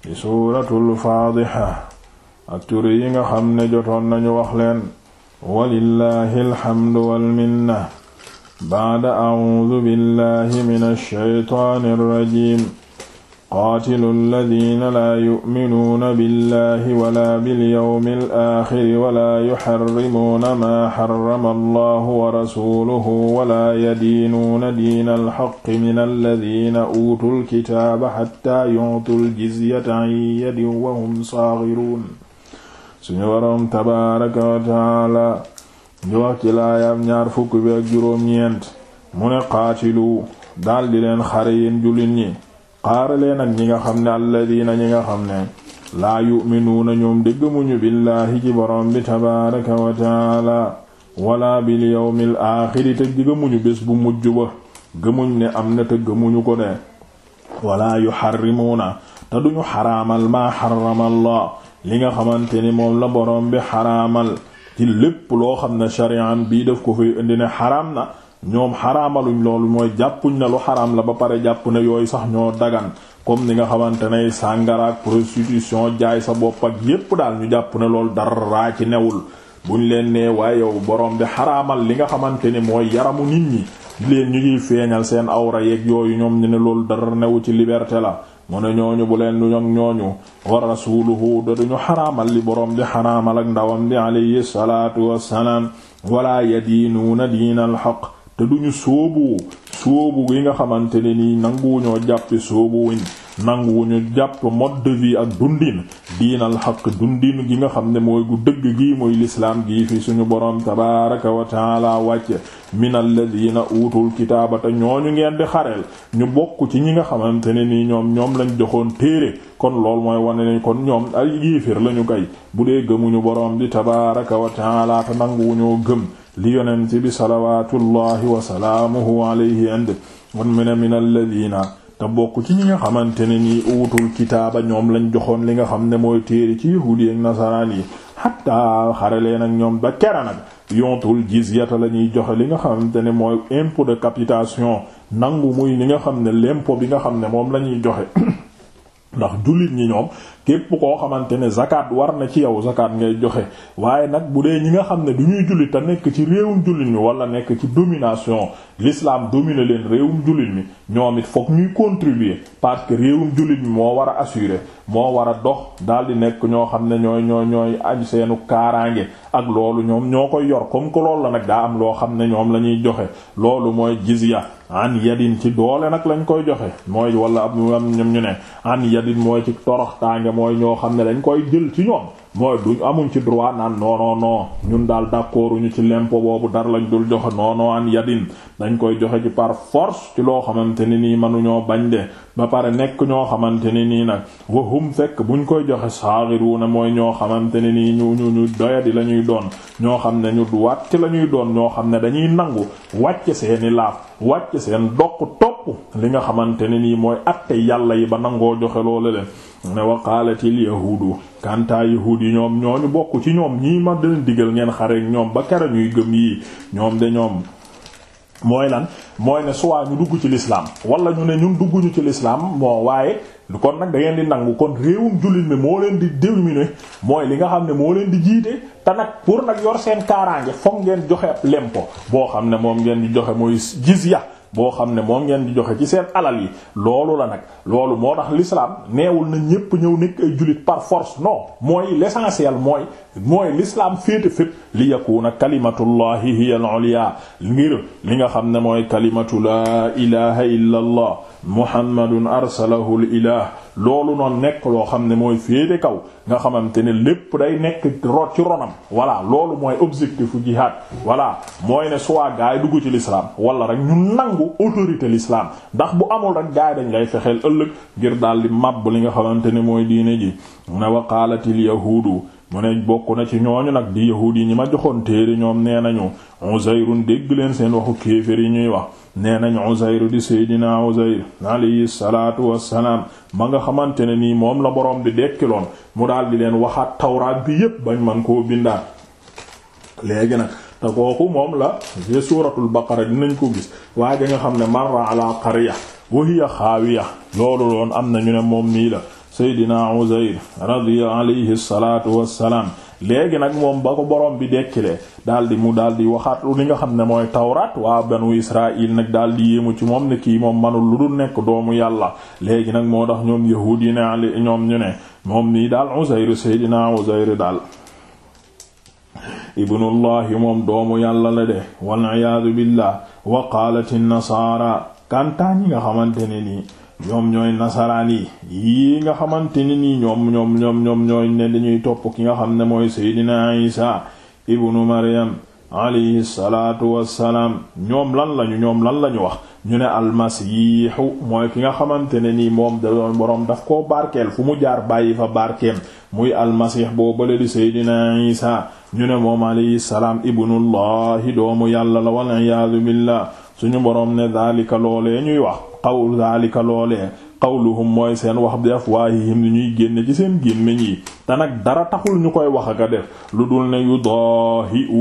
ci suuratul faadiha ak turu yi nga xam ne jotoon nañu wax leen walillahi alhamdu walminna baada audu billahi min alshaytaani alrajim qaatilu alladina laa yuminuuna billahi wala bilyawmi alaaxiri wala yuxarrimuuna maa xarama allahu wa rasuluhu wala yadiinuuna diina alxaqi min alladina uutu lkitaaba xatta yuutu ljizyata an yadin wa hum saaxiruun suñu waroom tabaaraka wa taala ñu wax ci laayaam ñaar fukk bi ak juróom-ñeent mu ne qaatilu daldi leen xare yéen jullit ñi xaaralee nag ñi nga xam ne alladina ñi nga xam ne laa yuminuuna ñoom dégg muñu billaahi ci boroom bi tabaaraka wa taala wala bil yawmil aaxiri te gëmuñu bés bu mujj ba gëmuñ ne am na te gëmuñu ko de wala yuxarrimuuna te duñu xaraamal maa xarama allah li nga xamante ni moom la borom bi xaramal ci lépp loo xam ne shari'am bii def ko fay indi ne xaram na ñoom xaraamaluñ loolu mooy jàppuñ ne lu xaraam la ba pare jàpp na yooyu sax ñoo dagan comme ni nga xamante ne sàngara ak prostitution jaay sa bopp ak yépp daal ñu jàpp na loolu dara ci newul buñ leen nee waaye yow borom bi xaraamal li nga xamante ne mooy yaramu nit ñi di leen ñu ngiy feeñal seen awra yeeg yooyu ñoom ñu ne loolu dara newu ci liberté la mu ne ñooñu bu leen du ñog ñooñu wa rasuluhu da duñu xaraamal li borom bi xaraamal ak ndawam bi alayhi salaatu wassalaam wala yadiinuuna diina alxaq te duñu sóobu sóobu yi nga xamante ne nii nanguwuñoo jàppe sóobuwuñ nanguwuñu jàpp mode de vie ak dundin diinal xaq dundin gi nga xam ne mooy gu dëgg gii mooy lislaam gii fi suñu boroom tabaraka wa laa wàcce min alladina uutul kitaaba te ñu ngeen di xareel ñu bokk ci ñi nga xamante ne nii ñoom ñoom lañ joxoon téere kon lool mooy wane ne kon ñoom ay yiifir lañu kay bu dee gëmuñu boroom di tabaraka wa taala te ñoo gëm li yonent bi salawaatullahi wa salaamuhu alayhi ind wan mu ne min alladina te bokk ci ñi nga xamante ne nii uutul kitaaba ñoom lañ joxoon li nga xam ne mooy téere ci yahuudi ak nasaraan yi xatta xarale nag ñoom ba kera nag yontul jizyata la ñuy joxe li nga xamante ne mooy impôt de capitation nangu muy li nga xam ne lempo bi nga xam ne moom lañuy ñuy joxe ndax jullit ñi ñoom képp koo xamante ne zakat war na ci yow zakat ngay joxe waaye nag bu dee ñi nga xam ne du ñuy julli a nekk ci réewum jullit mi wala nekk ci domination l'islam domine leen réewum jullit mi ñoom it fokk ñuy contribuer parce que réewum jullit mi moo war a assurer moo war a dox daal di nekk ñoo xam ne ñooy ñooy ñooy aju seenu kaaraange ak loolu ñoom ñoo koy yor comme que loolu la nag daa am loo xam ne ñoom la ñuy joxe loolu mooy jizya an yadin ci doole nag lañ koy joxe mooy wala ñu ne ñooña mooy ñoo xam ne dañ koy jël ci ñoom mooy duñ amuñ ci droit naan non ñun daal d'accord ñu ci lempo boobu dara lañ dul joxe non non an yadin dañ koy joxe ci par force ci loo xamante ne nii mënuñoo bañ de ba pare nekk ñoo xamante ne nii nag wahum fekk buñ koy joxe na mooy ñoo xamante ne nii ñu ñu ñu doyadi la ñuy doon ñoo xam ne ñu wàcc la ñuy doon ñoo xam ne dañuy nangu wàcc seeni laaf wàcc seen dokk topp li nga xamante ne nii mooy atte yàlla yi ba nangoo joxe loolu leen mu ne waqaalatil yahuudu kantaa yahuud yi ñoom ñoo ñooñu bokk ci ñoom ñii ma dana digal ngeen xare ñoom ba kera ñuy gëm yii ñoom de ñoom mooy lan mooy ne soit ñu dugg ci lislaam wala ñu ne ñun dugguñu ci l'islam bon waaye kon nag dangeen di nangu kon réewum jullit mi moo leen di déterminer mooy li nga xam ne moo leen di jiite te nag pour nag yor seen kaaraange fokk ngeen joxe ab lempo boo xam ne moom ngeen di joxe mooy ya boo xam ne moom ngeen di joxe ci seen alal yi loolu la nag loolu moo tax l'islam neewul na ñépp ñëw nekk ay jullit par force no mooy l'essentiel mooy mooy l'islam féete fépp li yakuna kalimatullahi hiya al-ulya ngir li nga xam ne mooy kalimatu la ilaha illa allah muhammadun arsalahu l ilah loolu noonu nekk loo xam ne mooy féete kaw nga xamante ne lépp day nekk rot ci ronam voilà loolu mooy objectifu jihad voilà mooy ne soit gaay dugg ci l'islam wala rek ñu nangu autorité l'islam ndax bu amul rek gaay dañ lay fexeel ëllëg ngir daal di màbb li nga xamante ne mooy diine ji ne waqaalatil yahudu mu ne bokk na ci ñooñu nag di yahuud yi ñi ma joxoon téere ñoom nee nañu Uzayrun dégg leen seen waxu kéefér yi ñuy wax nee nañ Uzayr di Seydina Uzayr alayhi salaatu wassalaam ma nga xamante ne nii moom la boroom bi dekkiloon mu daal di leen waxaat tawraat bi yépp bañ man koo bindaat léegi nag te kooku moom la ci suuratul di dinañ ko gis waa ja nga xam ne marra ala qarya wa hiya xaawiya loolu loon am na ñu ne moom mii la Seydina Uzayr radiya alayhi salaatu wassalaam léegi nag moom ba ko borom bi dekkilee daldi mu daal di waxaat li nga xam ne mooy tawraat waa banu israil nag daal yéemu ci moom ne kii moom manul lu dul nekk doomu yàlla léegi nag moo tax ñoom yahuud yi ne ali ñoom ñu ne moom nii daal Uzayr seydinaa Uzayr daal ibnullahi moom doomu yàlla la de wal iyaadu billah wa qaalat an-nasaara kantaa nga xamante ne nii ñoom ñooy nasaraan yi yii nga xamante ne nii ñoom ñoom ñoom ñoom ñooy ne dañuy topp ki nga xam ne mooy seydina isa ibnu maryam alayhi salaatu wassalaam ñoom lan lañu ñoom lan lañu wax ñu ne almasiixu mooy ki nga xamante ne nii moom da doon boroom daf koo barkeel fu mu jaar bàyyi fa barkeem muy almasiix boobale di seydina isa ñu ne moom alayhi salaam ibnullahi doomu yàlla la wal iyaadu billah suñu boroom ne daalika loolee ñuy wax qawl daalika loolee qawluhum mooy seen wax bi afwaahihim li ñuy génne ci seen gémmiñ yi te nag dara taxul ñu koy wax ak a def lu dul ne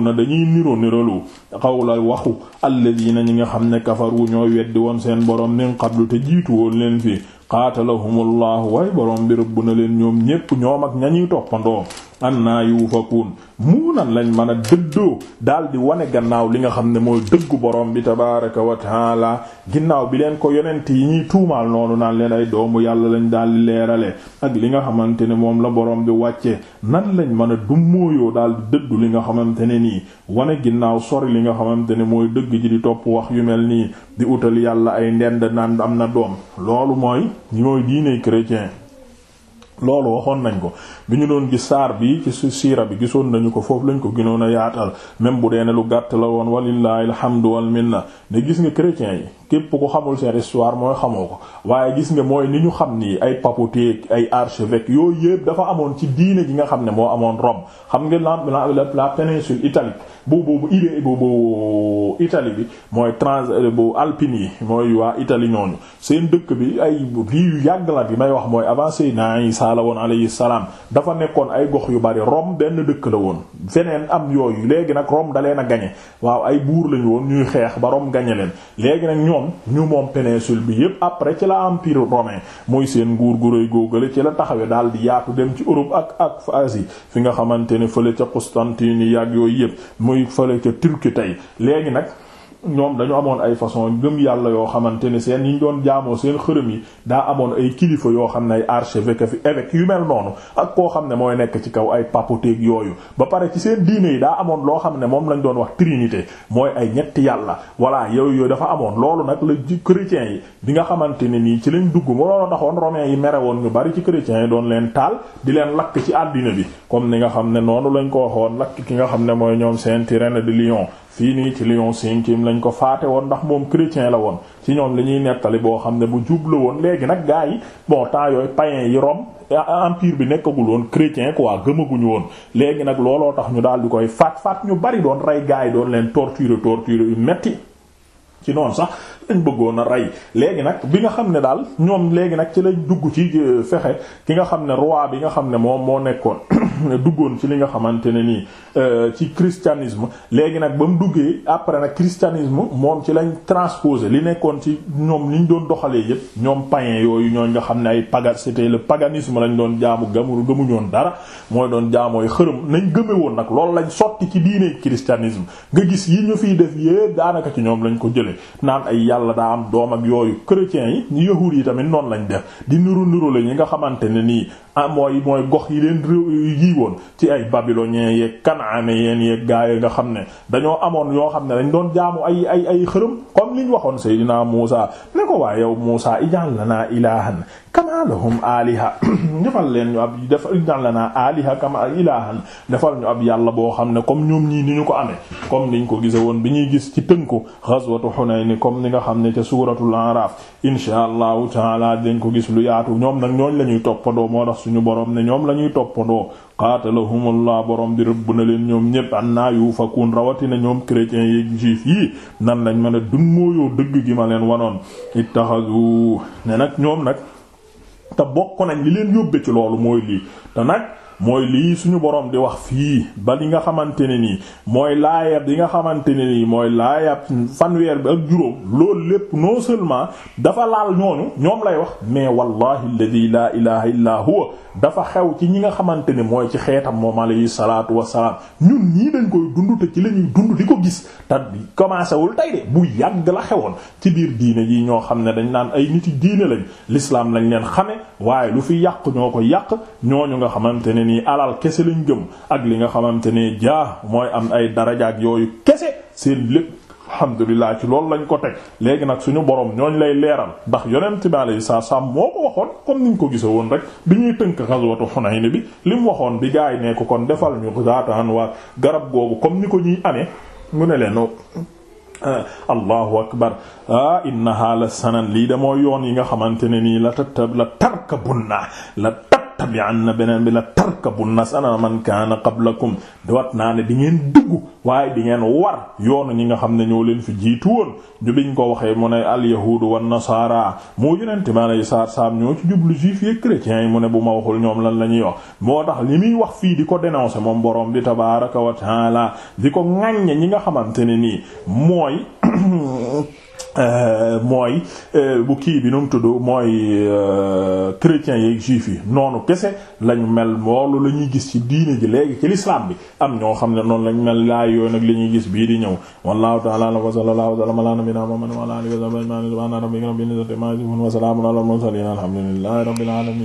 na dañuy niro niralu qawla waxu alladina ñi nga xam ne kafar kafaru ñooy weddi woon seen boroom min qablu te jiitu woon leen fii qaatalahumullahu way boroom bi rëbb na leen ñoom ñépp ñoom ak ñañuy toppandoo annaa yuufakuun muu nan lañ mën a dëddoo daal di wane gannaaw li nga xam ne mooy dëggu borom bi tabaraka wa taala ginnaaw bi leen ko yonent yi ñuy tuumaal noonu naan leen ay doomu yàlla lañ daal di leerale ak li nga xamante ne moom la borom bi wàcce nan lañ mën a dummóoyoo daal di dëddu li nga xamante ne nii wane ginnaaw sori li nga xamante ne mooy dëgg ji di topp wax yu mel nii di wutal yàlla ay ndend naan am na doom loolu mooy mooy diine chrétien loolu waxoon nañ ko bi ñu doon gis saar bi ci siira bi gisoon nañu ko foofu lañ ko ginoon a yaatal même bu dee ne lu gàtt la woon walillahi alhamdu wal minna ne gis nga chrétiens yi képp ko xamul seen histoire mooy xamoo ko waaye gis nga mooy ni ñu xam ni ay papauté ay archevêque yooyu yëpp dafa amoon ci diine ji nga xam ne moo amoon rob xam nga la la péninsule italique bu bu idée bu bu Italie bi mooy trans euh, bu alpine yi mooy waa Italie ñooñu seen dëkk bi ay yu yàgg bi may wax mooy avancé Muusaa la woon alayhi salaam dafa nekkoon ay gox yu bari Rome benn dëkk la woon feneen am yooyu léegi nag Rome da leen a gañe waaw ay buur lañu woon ñuy xeex ba Rome gañe leen léegi nag ñoom ñu moom péninsule bi yépp après ci la empire romain mooy seen nguur gu rëy googale ci la taxawe daal di yaatu dem ci Europe ak ak Asie fi nga xamante ne fële ca Constantine yàgg yooyu yépp muy fële ca Turquie tey léegi nag ñoom dañu amoon ay façon ngëm yàlla yoo xamante ne seen yi ñu doon jaamoo seen xërëm yi daa amoon ay kilifa yoo xam ne ay archevêque fi évêque yu mel noonu ak koo xam ne mooy nekk ci kaw ay papauté yooyu ba pare ci seen diine yi daa amoon loo xam ne moom lañ doon wax trinité mooy ay ñetti yàlla voilà yooyu yooyu dafa amoon loolu nag la chrétiens yi bi nga xamante ne nii ci lañ dugg mo loolu taxoon yi mere woon ñu bari ci chrétiens doon leen taal di leen lakk ci bi comme ni nga xam ne noonu lañ ko waxoon lakk ki nga xam ne mooy ñoom Saint Irénée de Lyon fii nii ci Lyon lañ ko faate woon ndax moom chrétien la woon ci ñoom li ñuy nettali boo xam ne bu jublu woon léegi nag gaa yi bon temps yooyu païens yi Rome eh, empire bi nekkagul woon chrétien waa gëmaguñu woon léegi nag looloo tax ñu daal di koy faat faat ñu bari doon rey gaa yi doon leen torture torture yu metti ci noonu sax lañ bëggoon a rey léegi nag bi nga xam ne daal ñoom léegi nag ci la dugg ci euh, fexe ki nga xam ne roi bi nga xam ne moom moo nekkoon duggoon ci li nga xamante ne nii euh, ci christianisme léegi nag ba mu duggee après nag christianisme moom ci lañ transposé li nekkoon ci ñoom li ñu doon doxalee yëpp ñoom païen yooyu ñooñ nga xam ne ay pagan c'était le paganisme lañ doon jaamu gamuru gëmuñoon dara mooy doon jaamooy xërëm nañ gëme woon nag loolu lañ sotti ci diine christianisme nga gis yi ñu fiy def yépp daanaka ci ñoom lañ ko jëlee naan ay yàlla daa am doom ak yooyu chrétiens yi yahuud yi tamit noonu lañ def di nuru nuru nga xamante ne nii ah mooy mooy gox yi leen réew yi woon ci ay babyloniens yeeg kanaaniyeen yeeg gaa yi nga xam ne dañoo amoon yoo xam ne dañ doon jaamu ay ay ay xërëm comme liñ waxoon Seydina Muusa ne ko waaye yow Muusa ij'al lanaa ilaahan kama lahum aliha defal leen ñu ab defal ij'al lana aliha kama ilahan defal ñu ab yàlla boo xam ne comme ñoom ñii ni ñu ko amee comme niñ ko gise woon bi ñuy gis ci tënku ghazwatu Hunayn comme ni nga xam ne ca suratul Araf insha allahu taala dañ ko gis lu yaatu ñoom nag ñooñ la ñuy toppandoo moo tax suñu boroom ne ñoom la ñuy toppandoo qatalahumullah boroom bi rëbb na leen ñoom ñépp anna yufakun rawatina ñoom chrétiens yi juifs yi nan lañ mën a dun mooyoo dëgg gi ma leen wanoon ittakhadhu ne nag ñoom nag te bokk nañ li leen yóbbe ci loolu mooy lii te nag mooy lii suñu boroom di wax fii ba li nga xamante ne nii mooy laayab yi nga xamante ne nii mooy laayab fanweer bi ak juróom loolu lépp noo seulement dafa laal ñooñu ñoom lay wax mais wallahi alladhi laa ilaha illa huwa dafa xew ci ñi nga xamante ne mooy ci xeetam moom alayhi salaatu wasalaam ñun ñii dañ koy dund te ci la ñuy dund di ko gis te commencé wul tey de bu yàgg la xewoon ci biir diine ji ñoo xam ne dañ naan ay nit yi diine lañ l'islam lañ leen xa waaye lu ne ne nii alal kese lañ gëm ak li nga xamante ne jaa mooy am ay darajaak yooyu kese seen lépp alhamdulilah ci loolu lañ ko teg léegi nag suñu borom ñooñ lay leeral ndax yonent bi alayhi salaam moo ko niñ ko gisa woon rek bi ñuy tënk xaswatu Hunayn bi li waxoon bi gaay ne ko kon defal ñu zaataan waa garab googu comme ni ko ñuy amee mu ne leen allahu akbar ah innaha la sanan lii de mooy yoon yi nga xamante ne nii la tatab la tarkabunna la tattabi'anna beneen bi la tarkabunna sana man kaana qablakum diwat naa ne di ngeen dugg waaye di ngeen war yoonu ñi nga xam ne ñoo leen fi jiitu woon ñu biñ ko waxee mu ne alyahudu wan nasaara moo yonente maa nay saar saam ñoo ci jublu juif yi chrétiens yi mu ne bu ma waxul ñoom lan la ñuy wax moo tax li muy wax fii di ko dénoncer moom boroom bi tabaraka wa taala di ko ŋàññe ñi nga xamante ne nii mooy Euh, mooy euh, bu kii bi nu mu tudd mooy euh, chrétiens yeeg juifs yi noonu kese lañu mel loolu la ñuy gis ci diine ji léegi ci l'islam bi am ñoo xam ne noonu lañ mel laay yooyu nag li gis bii di ñëw wallahu ta'ala wa sallallahu wa sallama ala nabiyyina muhammadin wa ala alihi wa sahbihi ajma'in subhana rabbika rabbil izzati amma yasifun wa salamun ala al mursalin alhamdulillahi rabbil alamin